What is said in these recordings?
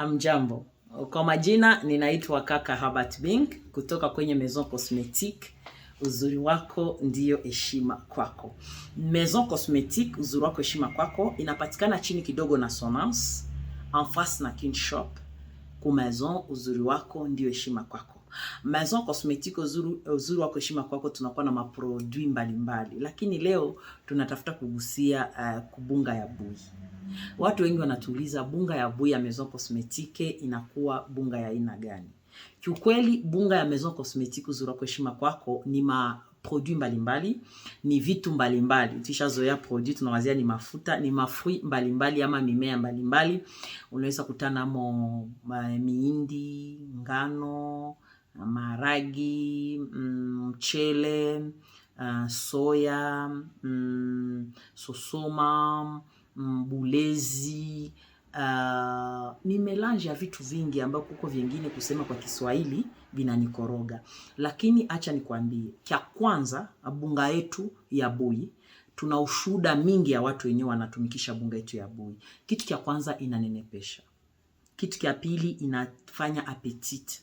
Hamjambo. Kwa majina ninaitwa kaka Herbert Bing kutoka kwenye Maison Cosmetique. Uzuri wako ndiyo heshima kwako. Maison Cosmetique, uzuri wako heshima kwako, inapatikana chini kidogo na Sonance, en face na King Shop. Ku Maison, uzuri wako ndiyo heshima kwako. Maison Cosmetique, uzuri, uzuri wako heshima kwako, tunakuwa na maprodui mbalimbali, lakini leo tunatafuta kugusia uh, kubunga ya bui Watu wengi wanatuuliza bunga ya bui ya Maison Cosmetique inakuwa bunga ya aina gani? Kiukweli, bunga ya Maison Cosmetique Uzuri Wako Heshima Kwako ni ma produit mbalimbali ni vitu mbalimbali. Tushazoea produit tunawazia ni mafuta, ni mafui mbalimbali ama mimea mbalimbali. Unaweza kutana mo mihindi, ngano, maragi, mm, mchele, ah, soya, mm, sosoma mbulezi Uh, ni melange ya vitu vingi ambao kuko vingine kusema kwa Kiswahili vinanikoroga, lakini acha nikwambie, cha kwanza bunga yetu ya Bui tuna ushuda mingi ya watu wenyewe wanatumikisha bunga yetu ya Bui. Kitu cha kwanza inanenepesha, kitu cha pili inafanya appetite,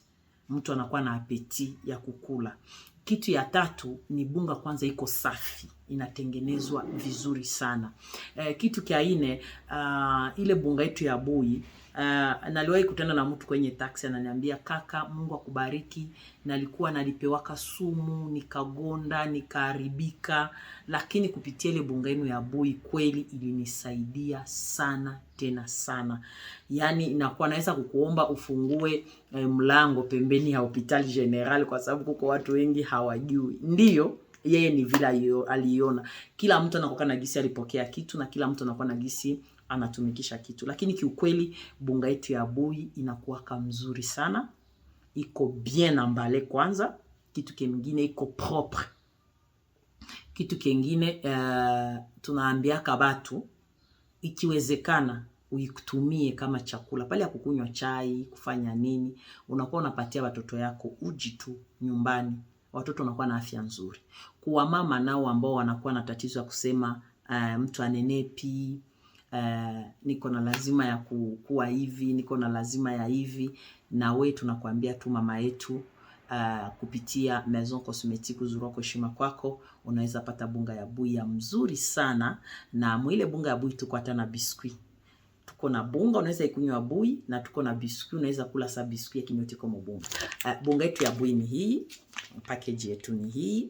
mtu anakuwa na apeti ya kukula. Kitu ya tatu ni bunga kwanza iko safi inatengenezwa vizuri sana. E, kitu kia ine uh, ile bunga yetu ya bui uh, naliwahi kutana na mtu kwenye taksi ananiambia, kaka, Mungu akubariki, nalikuwa nalipewaka sumu nikagonda nikaharibika, lakini kupitia ile bunga yenu ya bui kweli ilinisaidia sana tena sana. Yaani inakuwa naweza kukuomba ufungue eh, mlango pembeni ya hospitali general, kwa sababu kuko watu wengi hawajui, ndiyo yeye ni vile aliona Kila mtu anakuwa na gisi alipokea kitu na kila mtu anakuwa na gisi anatumikisha kitu, lakini kiukweli bunga yetu ya bui inakuwaka mzuri sana, iko bien ambale kwanza. Kitu kingine iko propre, kitu kingine uh, tunaambiaka batu ikiwezekana uikutumie kama chakula pale ya kukunywa chai, kufanya nini, unakuwa unapatia watoto yako uji tu nyumbani watoto wanakuwa na afya nzuri. Kwa mama nao ambao wanakuwa na tatizo ya kusema uh, mtu anenepi uh, niko na lazima ya kuwa hivi, niko na lazima ya hivi, na we tunakuambia tu mama yetu Uh, kupitia Maison Cosmetique Uzuri Wako Heshima Kwako unaweza pata bunga ya bui ya mzuri sana na mwile bunga ya bui tukwata na biskuit tuko na bunga, unaweza ikunywa bui, na tuko na biskuti, unaweza kula sa biskuti ya kinyoti kwa mbunga. Uh, ah, bunga yetu ya bui ni hii, package yetu ni hii,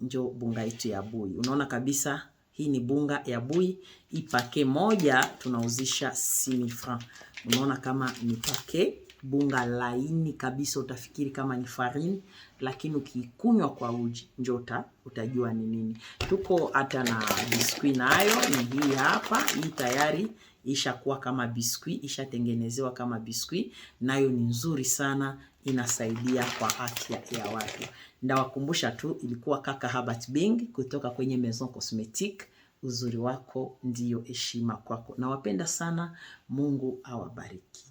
njo bunga yetu ya bui. Unaona kabisa hii ni bunga ya bui, ipake moja tunauzisha 6000 francs. Unaona kama ni pake bunga laini kabisa, utafikiri kama ni farini, lakini ukikunywa kwa uji njota utajua ni nini. Tuko hata na biskuti nayo ni hii hapa, hii tayari ishakuwa kama biskuit, ishatengenezewa kama biskuit, nayo ni nzuri sana, inasaidia kwa afya ya watu. Ndawakumbusha tu, ilikuwa kaka Herbert Bing kutoka kwenye Maison Cosmetique. Uzuri wako ndiyo heshima kwako. Nawapenda sana. Mungu awabariki.